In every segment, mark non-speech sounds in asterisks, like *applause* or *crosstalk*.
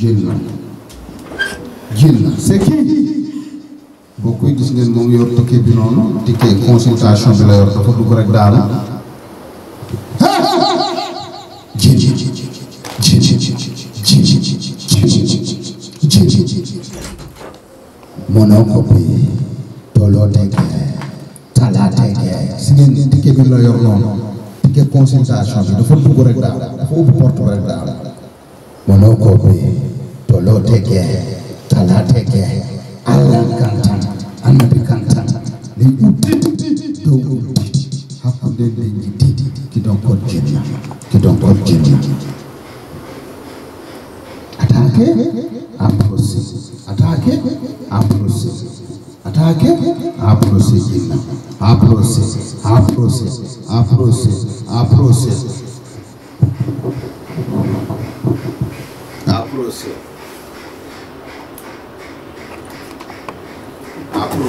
génn na génn na boo koy gis ngeen moom yor ticket bi noonu ticket consultation bi la yor dafa dugg noonu ticket consultation bi dafa dugg rek daanu dafa ubbi porte rek daanu monocopie Polo teke, Tala teke, Allah kantan, Annabi kantan, ne udit do udit, hakude ne gidi ki don ko jinna, ki don ko jinna. Atake, ambrose, atake, ambrose, atake, ambrose jinna, ambrose, ambrose, ambrose, ambrose. Ambrose. nous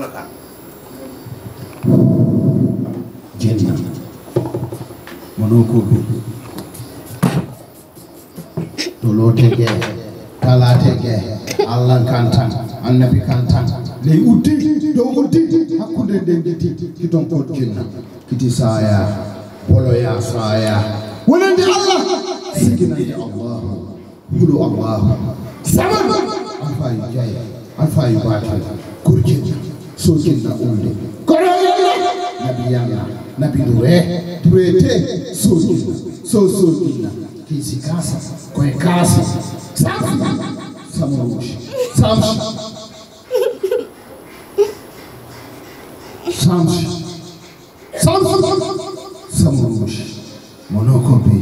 la kan. jënd na ko gëm. toloo tegee kalaa tegee allah kantan annabi kantan ley uddi dow uddi hakkunde nden ɗiti ki ton itisaya boloya saya wonande allah siginande allahu huɗo allahu saman an fayu jeya an fayu batel gorjinna sojinna umde konoyalla nabi yalla nabi dure durete sojinna so sojinna kiisi kaasa koye kaasa samruji samsa samsa makon bi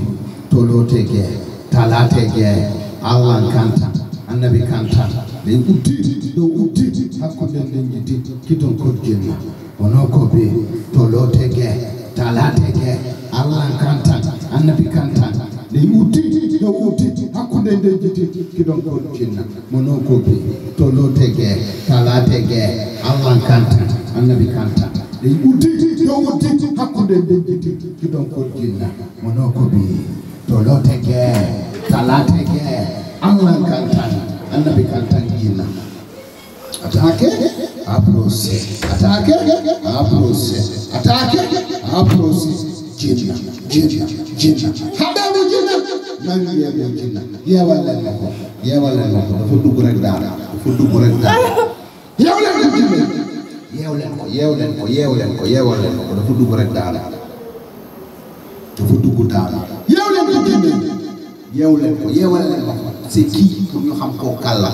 tolote ge talate ge allah kanta annabi kanta ɓe utti ɗo utti hakkude leññiti kiton kodjenna wono ko be tolote ge talate ge allah kanta annabi kanta ɗe utti ɗo utti hakkude leññiti kiton kodjenna wono ko be tolote ge talate ge allah jinna mono ko bi tolo teke tala teke allah kantan annabi kantan jinna atake aprose atake aprose atake aprose jinna jinna jinna hadamu jinna man yeewu jinna yeewal leen ma ko yeewal leen ma ko dafa dugg rek daal dafa dugg rek daal yeew leen ko jinna yeew leen ko yeew leen ko yeew leen ko yeewal leen ma ko dafa dugg rek daal dafa dugg daal yeew leen ko génne leen ko yeewal kii pour ñu xam koo kàlla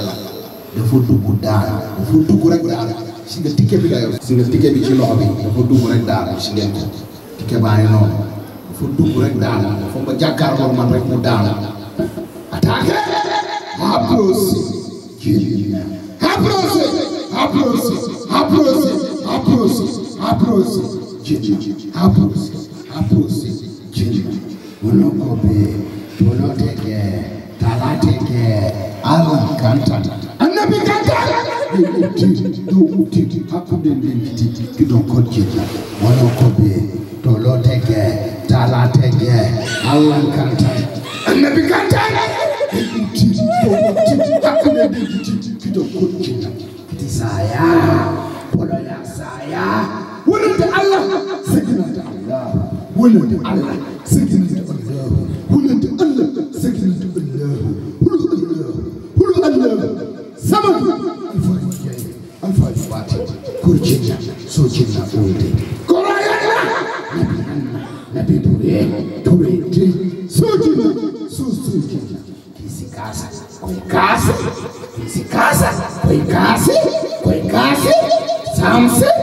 dafa dugg daal dafa dugg rek daal si nga ticket bi nga yor si nga ticket bi ci loxo bi dafa dugg rek daal si ngeen ko ticket noonu dafa dugg rek daal foog nga jàkkaarloo man rek mu daal attaqué approché jéem approché approché children will not go be, will not take care, cannot take care, Allah can't. And then we can't do it. How could they need it? You don't call children. Will not go be, will not take care, cannot take care, Allah can't. And then we can't. How could they need it? You don't call children. Desire. Follow your desire. Will not Allah. Signal to Allah. hulunta Allah sakinatu Allah hulunta Allah sakinatu Allah hulu Allah hulu Allah samad alfaaji baati kurcinna socinna ɓoyde kono yalla nabi anna nabi ɓure ɓure de socinna so socinna kisi kasa koye kasa kisi kasa koye kase koye kase samse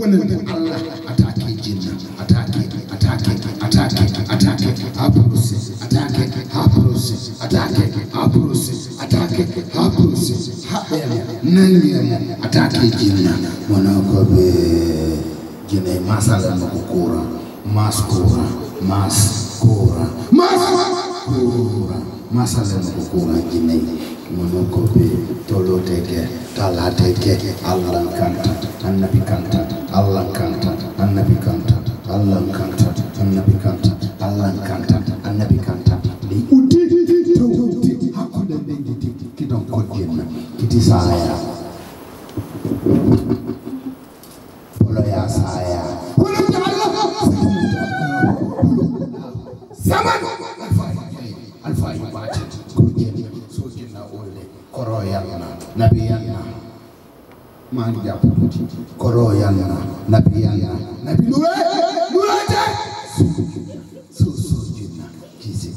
wannan Allah atake jinna atake atake atake atake hapurusi atake hapurusi atake hapurusi atake hapurusi haɗaya nan yamma atake jinna wana ko be jinai masala na kora mas kora mas kora mas kora masala na kora jinai wana ko be toloteke talateke Allah kanta annabi kanta Allah'ın kantat, annabi kantat, Allah'ın kantat, annabi kantat, Allah'ın kantat, annabi kantat. Ni uti, tawuti, hakuna mengi tiki, kidon kodiyen, kiti saraya.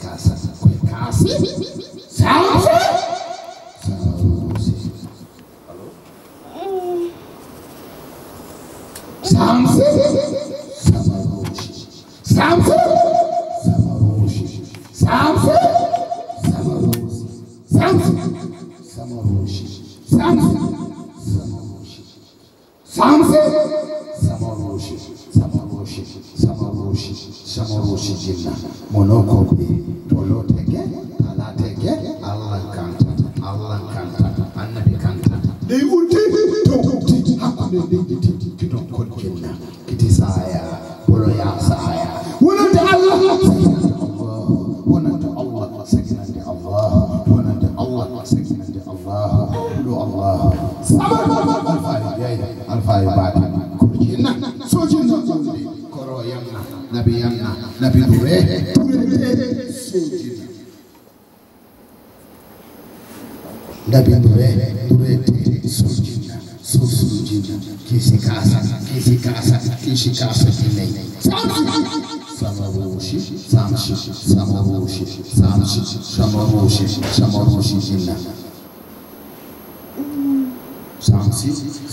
Casa, Casa, Salsa. jiitu kii si kaasa kii si kaasa kii si kaasa si lay samaruushi samshi samaruushi samshi samaruushi samaruushi jinna samsi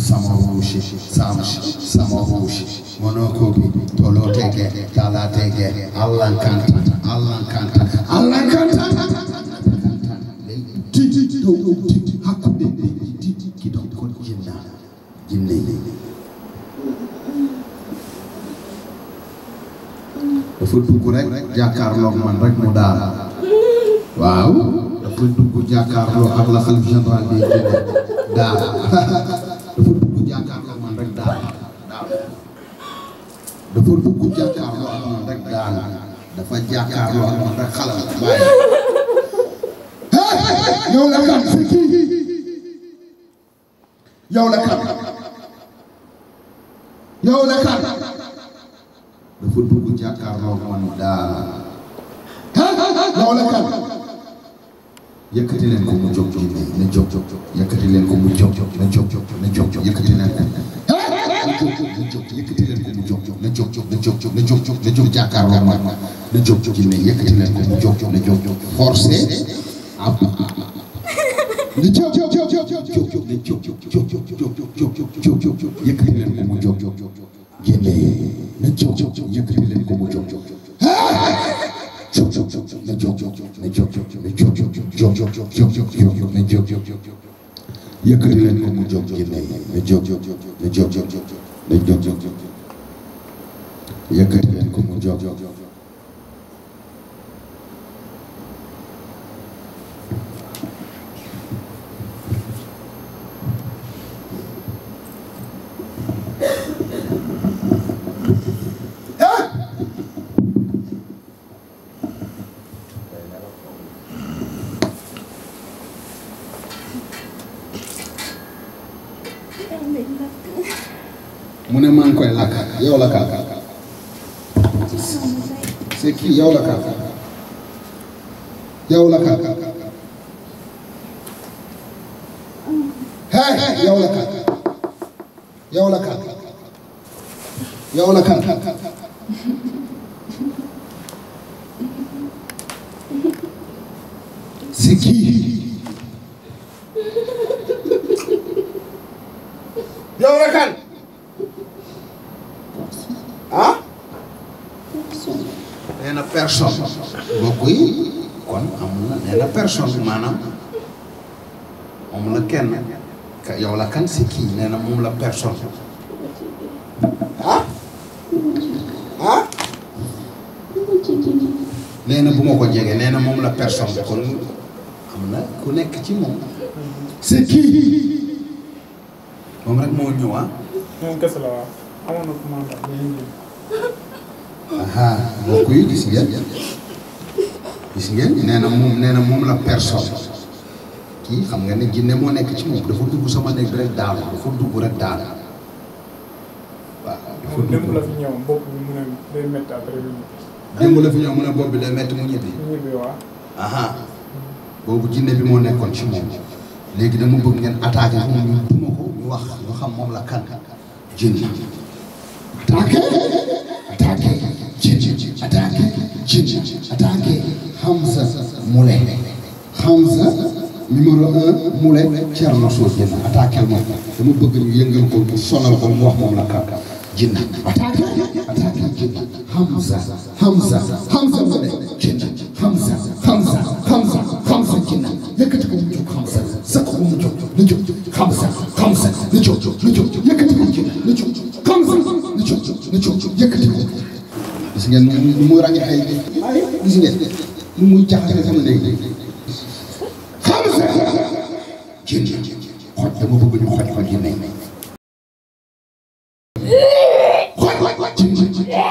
samaruushi samshi samaruushi monokobi tolotege talatege allan kanta allan kanta allan kanta ley ti dow ti jinne yi dafa dugg rek jàkkaarloo man rek mu daal waaw dafa dugg jàkkaarloo ak la xalif général bi daal dafa dugg dafa dugg jàkkaarloo ak man rek daal dafa jàkkaarloo ak man rek xalal waaye yow la kan yow la kan yow Dakar dafa dugg jàkkaarloo man daal yow Dakar yëkkati leen ko mu jóg na jóg yëkkati leen ko mu jóg na jóg na jóg yëkkati leen ko yëkkati leen ko mu jóg na jóg na jóg na jóg na jóg jàkkaarloo man na jóg jinne yëkkati leen ko mu jóg na jóg forcé ab na jóg jóg na jóg jóg jóg jóg yëkkati leen ko mu jóg génne na jóg yëkkati leen ko mu jóg jóg jóg na jóg na jóg na jóg jóg jóg na jóg yëkkati leen ko mu jóg génne na jóg na jóg na jóg yëkkati leen ko mu jóg mu ne maa ngi koy yow la kaaka c'est yow la kaaka yow la la kaaka yow la kaaka yow la kaaka moom la personne ah ah nee na bu ma ko jege nee na moom la personne kon am na ku nekk ci moom c'est kii moom rek moo ñëw ah moom kese la gis ngeen gis ngeen nee moom nee moom la personne xam nga ne jinne moo nekk ci moom dafa dugg sama nekk rek daal dafa dugg rek daal waaw. dafa dugg démb la fi ñëw bopp bi mu ne day métti mu ñibbi. démb mu bi day métti mu ñibbi. ñibbi waaw. aha boobu jinne bi moo nekkoon ci moom léegi dama bëgg ngeen attaqué ko ñu duma ko ñu wax ñu xam moom la kan jinne. attaqué attaqué jinne attaqué jinne attaqué Hamza Moulay Hamza. numéro un Moulay Thierno Sow Jinna attaqué ma dama bëgg ñu yëngal ko mu sonal ko mu wax moom la kaw Jinna attaqué attaqué Jinna Hamza Hamza Hamza Moulay Jinna Hamza Hamza Hamza Hamza Jinna yëkkati ko mu jóg Hamza sa ko mu jóg lu jóg Hamza Hamza lu jóg lu jóg yëkkati ko Jinna lu jóg Hamza lu jóg lu jóg yëkkati ko gis ngeen nu mu ràññee ay gis ngeen nu muy jaxase sama néeg jën xoj dama bëgg ñu xoj xoj yi ne xoj xoj jën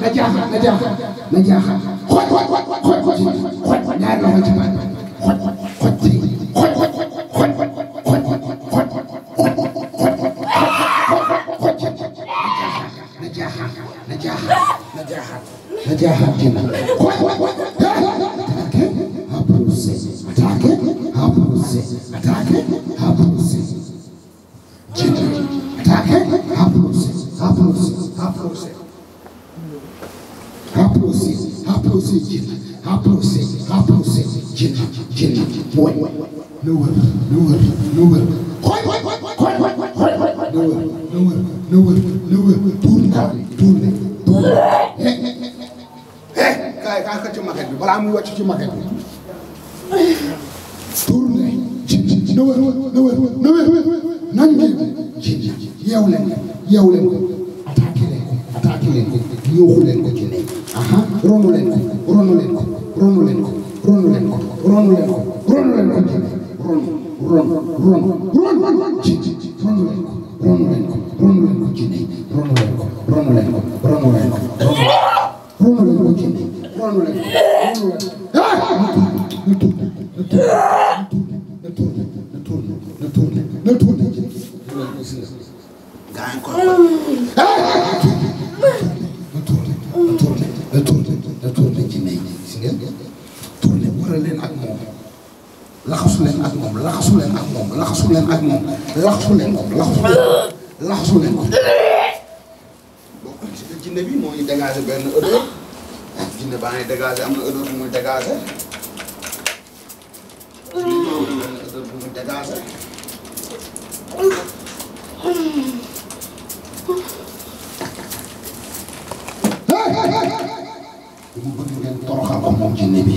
najaax najaax najaax xoj xoj xoj xoj xoj ñaari loxo ci baat xoj xoj ci xoj xoj xoj xoj xoj Aplausos, aplausos, aplausos. approché jinne approché approché jinne jinne mooy na wër na wër na wër xool xool xool na wër na wër na wër na wër tuur kaar tuur ne tuur ne eh kaay kaay xëcc maquette bi balaa muy wàcc ci maquette bi tuur ne jinne na wër na wër na wër nañ leen jinne yeew leen yeew leen ko attaqué leen ko attaqué leen ko yóoxu leen ko jinne aha ronu leen ko ronu leen ko ronu leen ko ronu leen ko ronu leen ko ronu leen ko ronu ronu ronu ronu ci ronu leen ko ronu leen ko ronu leen ko ci ronu leen ko ronu leen ko ronu leen ko ronu leen ko ci ronu leen ko na tuuti na tuuti na tuuti na tuuti na tuuti na tuuti laxasu leen ak moom laxasu leen ak moom laxasu leen ko laxasu leen ko. bokk ci jinne bi moo ngi dégagé benn odeur jinne baa ngi dégagé am na odeur bu muy dégagé. odeur bu muy dégagé. dama bëgg ngeen toroxal ko moom jinne bi.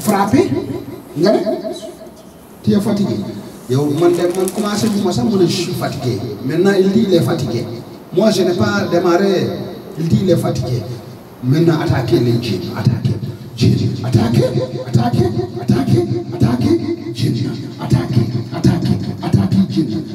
frappé nga ne tu es fatigué man de man commencé bu ma sax mu ne je suis fatigué maintenant il dit il est fatigué moi je n'ai pas il dit il est fatigué maintenant attaquer les jeunes attaquer jeunes attaquer attaquer attaquer attaquer jeunes attaquer attaquer attaquer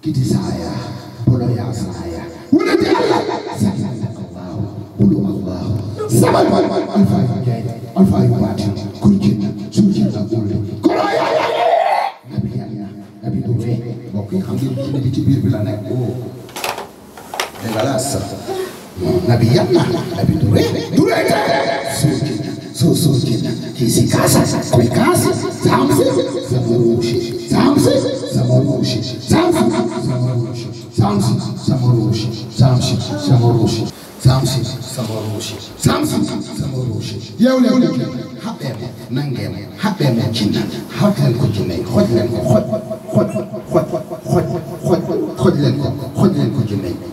kiti saya bolo ya saya unati Allah sallallahu qul huwallahu samad al-fatih al-fatih sama ruusi Samson sama ruusi Samson sama ruusi yow leen ko xàppee ma nangee ma xàppee ma ci naan xoj leen ko junne xoj leen ko xoj xoj xoj xoj xoj xoj leen ko xoj leen ko junne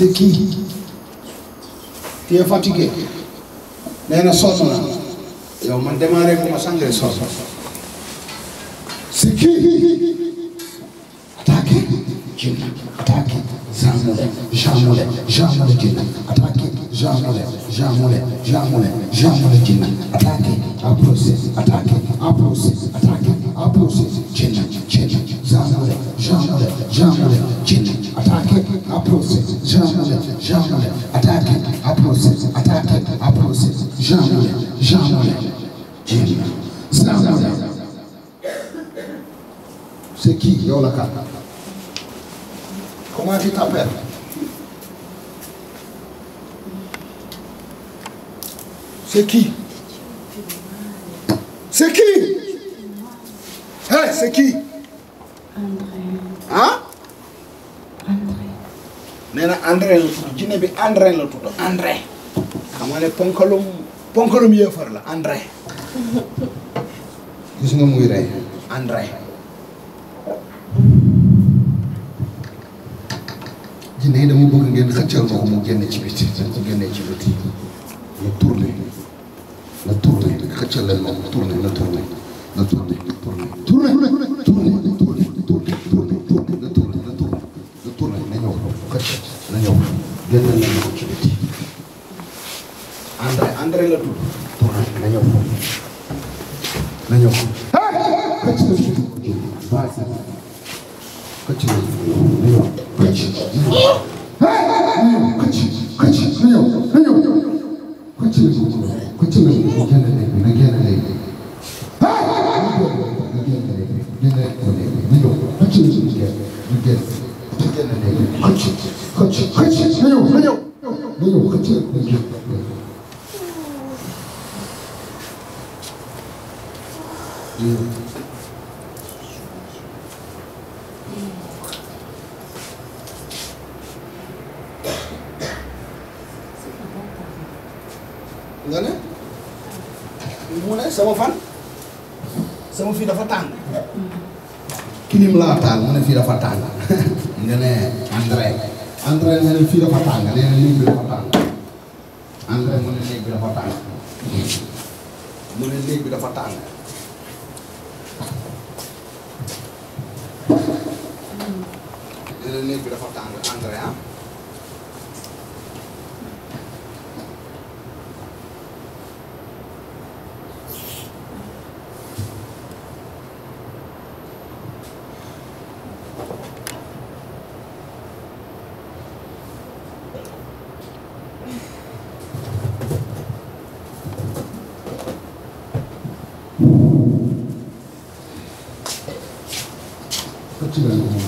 c'est kii tu es fatigué nee na sonn na man démarré bu ma sangee sonn Jean Moulin qui yow la kat comment tu t'appelles c'est qui c'est qui hey c'est qui ah nee na André la tudd jinne bi André la tudd André xam nga ponkalum ponkalum yéefar la André gis nga muy rey André jinne yi dama bëgg ngeen xëccal ma ko mu génne ci biti dañ ko génnee ci biti na tourné na tourné xëccal leen moom tourné na tourné na tourné tourné tourné tourné tourné tourné tourné tourné na tourné na tourné na tourné na ñëw xëcc na ñëw génne leen ko ci biti engrais la tudd. na ñëw na ñëw. xëcc na ji. waa ji xëcc na ji.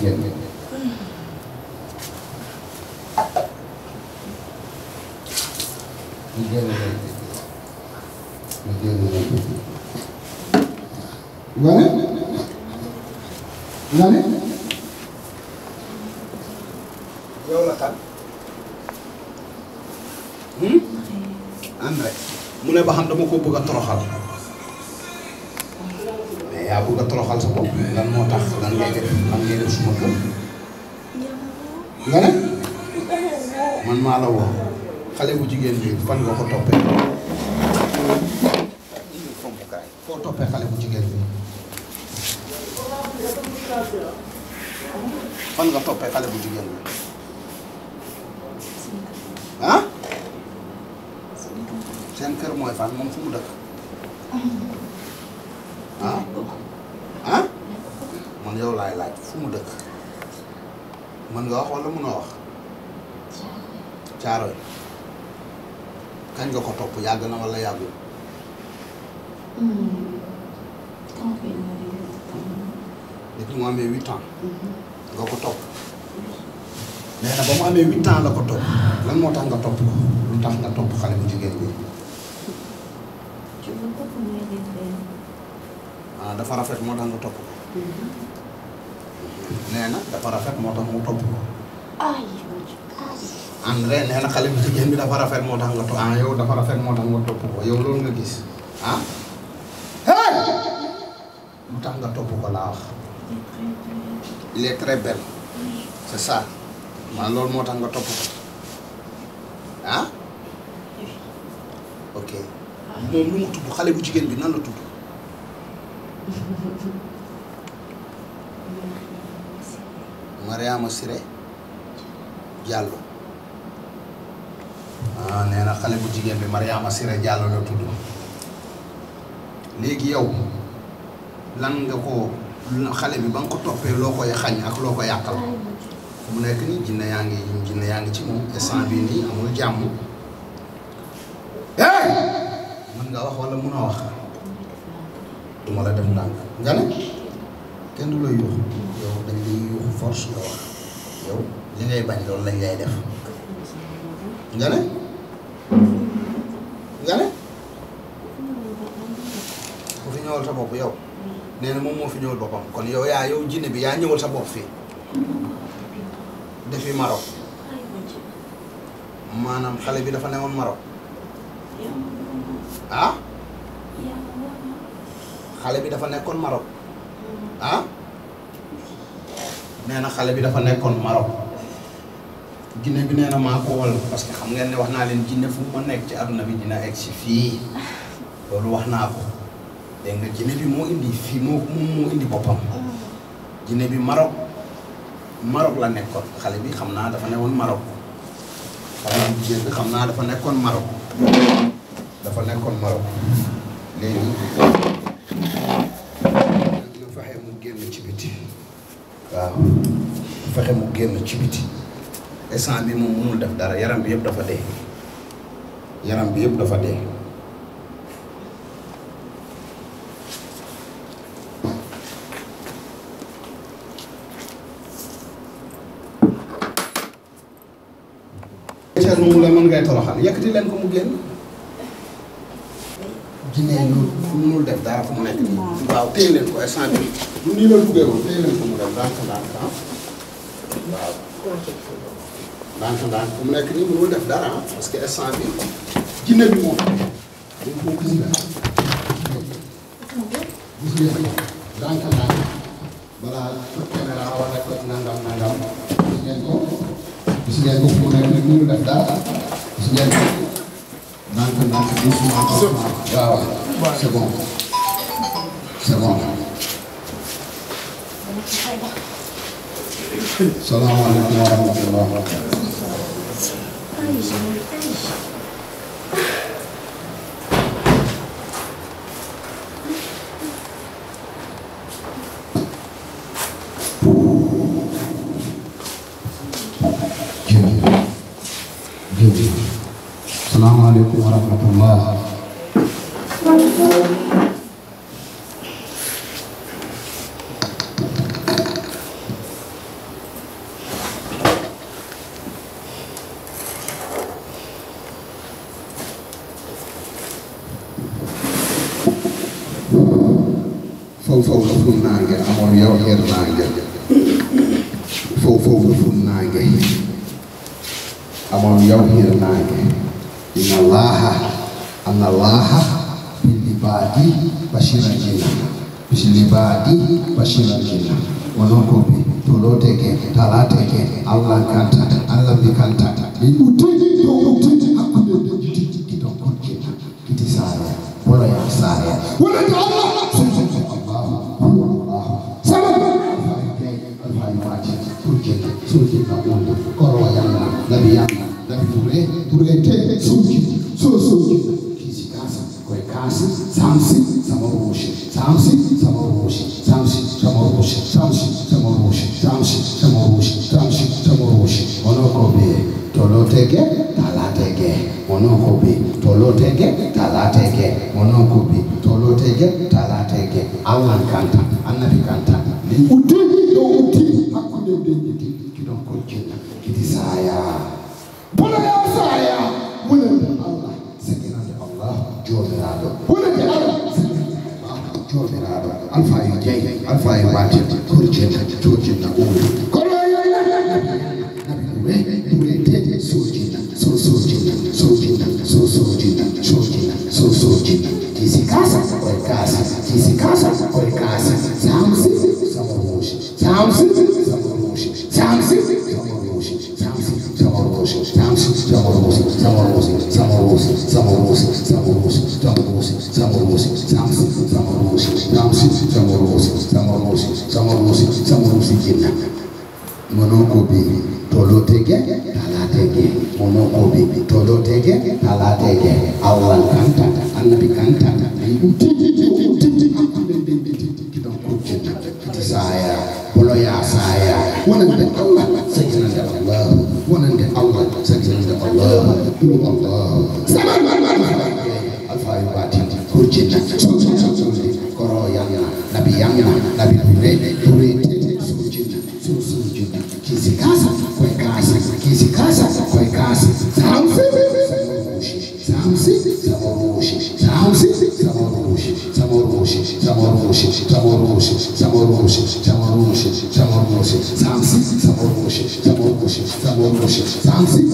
jigéen ñi jigéen ñi jigéen ñi nga ne nga ne mu ne ba xam dama ko bëgg toroxal jigéen fan nga ko toppee. foo toppee xale bu jigéen bi. fan nga toppee xale bu jigéen bi. ah. seen kër mooy fan moom fu mu dëkk. ah ah man yow laay laaj fu mu dëkk mën nga wax wala mënoo wax caaro kañ nga ko topp yàgg na wala yàggul. Hmm. depuis mu amee hmm. ko topp. nee na ba mu amee huit la ko topp lan moo tax nga topp ko lu nga topp xale jigéen bi. Ah, dafa rafet moo tax nga topp ko. Mm-hmm. nee na dafa rafet moo tax mu topp ko. am nee na xale bu jigéen bi dafa rafet moo tax nga topp ah yow dafa rafet moo tax nga topp ko yow loolu nga gis ah hey mu tax nga topp ko laa wax il est c'est ça maa loolu moo tax nga topp ko ah ok moom lu mu tudd xale bu jigéen bi nan la tudd *laughs* Mariama Siré Diallo ah nee na xale bu jigéen bi Mariama Siré Diallo la tudd léegi yow lan nga ko xale bi ba nga ko toppee loo koy xañ ak loo ko yàqal mu nekk nii jinne yaa ngi jinne yaa ngi ci moom instant nii amul jàmm eh mën nga wax wala mën a wax duma la def ndànk nga ne kenn du la yuuxu yow dañ lay yuuxu force nga wax yow. li ngay bañ loolu lañ lay def nga ne ku fi ñëwal sa bopp yow nee na moom moo fi ñëwal boppam kon yow yaa yow jinne bi yaa ñëwal sa bopp fii defi Maroc maanaam xale bi dafa newoon Maroc ah xale bi dafa nekkoon Maroc ah nee na xale bi dafa nekkoon Maroc jinne bi nee na maa ko wol parce que xam ngeen ne wax naa leen jinne fu mu nekk ci àdduna bi dina egg si fii loolu wax naa ko dégg nga jinne bi moo indi fii moo moom moo indi boppam jinne bi Maroc Maroc la nekkoon xale bi xam naa dafa newoon Maroc xam naa dafa nekkoon Maroc dafa nekkoon Maroc léegi fexe mu génn ci biti waaw fexe mu génn ci biti instant bi moom mënul def dara yaram bi yëpp dafa dee yaram bi yëpp dafa dee Cees moom la mën ngay toroxal yëkkati leen ko mu génn jineen loolu def dara fu mu nekk nii waaw téye leen ko instant bi lu nii la duggee woon leen ko mu def ndànk ndànk waaw ndànk-ndànk bu mu nekk nii mënul def dara parce que instant bi jinne bi moo xam dañ koo gis nga gis nga ndànk-ndànk balaa fët caméra wala fët nangam nangam gis ngeen ko gis ngeen ko mu nekk nii mënul def dara gis ngeen ko ndànk-ndànk doucement doucement waaw c'est bon c'est bon salaamaaleykum wa rahmatulah foofu fu naange amoon yow inna laaha anna laaha bil libaadi bashiran jinna bil libaadi bashiran jinna wonon ko ɓe allah kanta allah mbi kanta mi uttidi to uttidi hakkude ɗe jiti kidon kiti saare woloya saare wonade sunuy kilifa ñoom ñoom kóor waa yàlla nabi yàlla nabi wonande allah alfayi jeyi alfayi watin korjinna jorjinna umri kasa kwa kasa kizikasa kwa kasa za hamsini za hamsini za moroshi za hamsini za moroshi za moroshi za moroshi za moroshi za moroshi za moroshi za moroshi za hamsini za moroshi za moroshi za moroshi za hamsini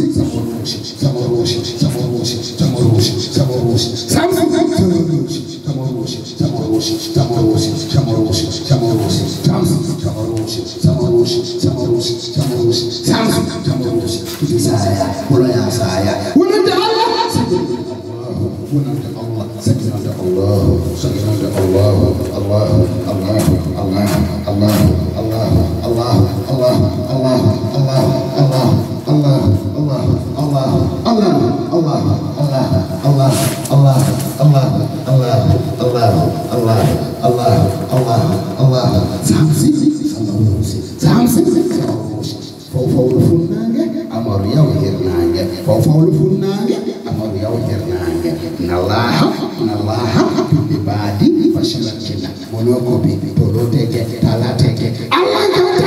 baadi bashiran kenan boloko be bolote ke talate ke Allah kanta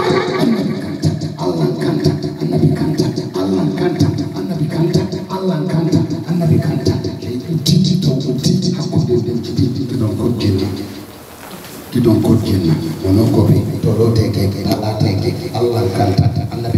annabi kanta Allah kanta annabi Allah kanta annabi Allah kanta annabi kanta titi to titi hakkude ɗen titi ɗon ko jenna ɗiɗon ko jenna boloko be bolote ke talate Allah kanta annabi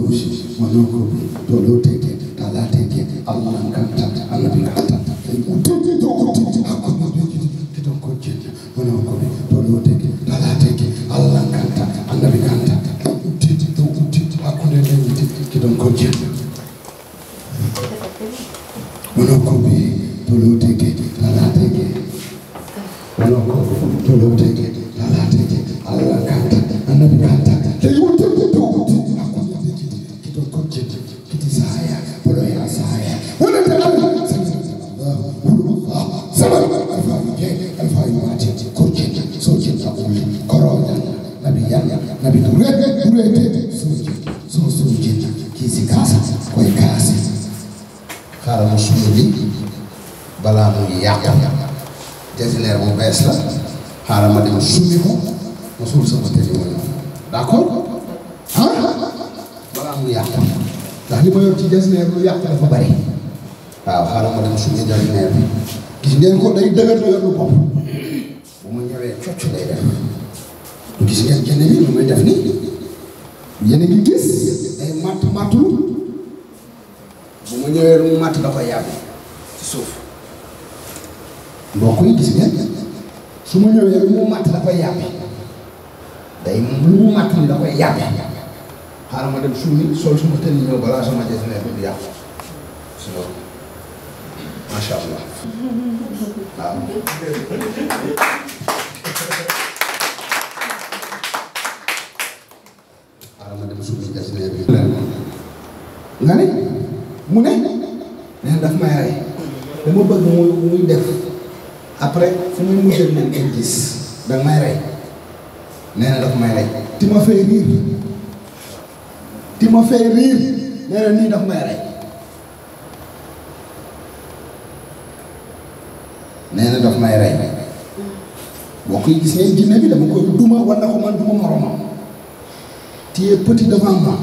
suluhu, mwanao tolute d'accord ah balaa mu yàq ndax li ma yor ci des neer lu yàq dafa bari waaw xaaral ma dem suñu jël neer bi gis ngeen ko day dëgër dëgër lu bopp bu ma ñëwee cocc lay def du gis ngeen jënd bi lu muy def nii yéen a ngi gis day matt mattu bu ma ñëwee lu mu matt da koy yàgg ci suuf mbokk yi gis ngeen su ma ñëwee lu mu matt da koy yàgg day mbuumatam da koy yàgg xaaral ma dem suñu sol suma tënni ñëw balaa sama jeex ne bu yàqu si loolu macha allah ne ne ne neen may rey dama bëgg muy muy def après fu muy mujjee neen gis danga may rey nee na daf may rey. ti ma fay riir ti ma riir nee na nii daf may rey nee na daf may rey boo koy gis ngeen jinne dama koy duma wala ko man duma moromam tu es petit devant moi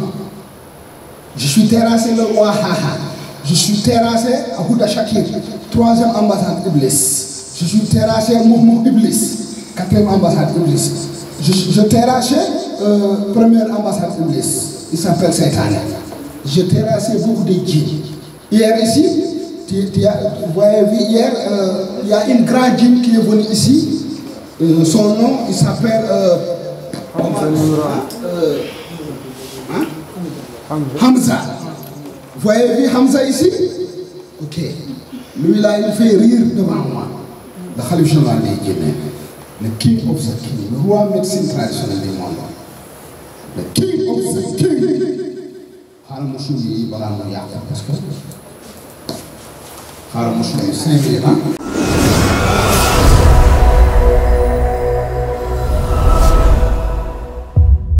je suis terrassé le roi haha je suis terrassé Aouda Shakir troisième ambassade Iblis je suis terrassé Mouhmoud Iblis quatrième ambassade Iblis. je, je terrassais euh, première ambassade Iblis. Il s'appelle Seytaane. Je terrassais beaucoup de djinns. Hier ici, tu, tu as, vous hier, euh, il y a une grande djinn qui euh, s'appelle euh, Hamza. Euh, vous avez Hamza ici? Ok. Lui là, il fait rire devant moi. Le khalife général lay génne. le king of the king le roi médecine traditionnelle du monde le king of the king xaaral ma suuf yi balaa ma yàq parce que xaaral ma suuf yi cinq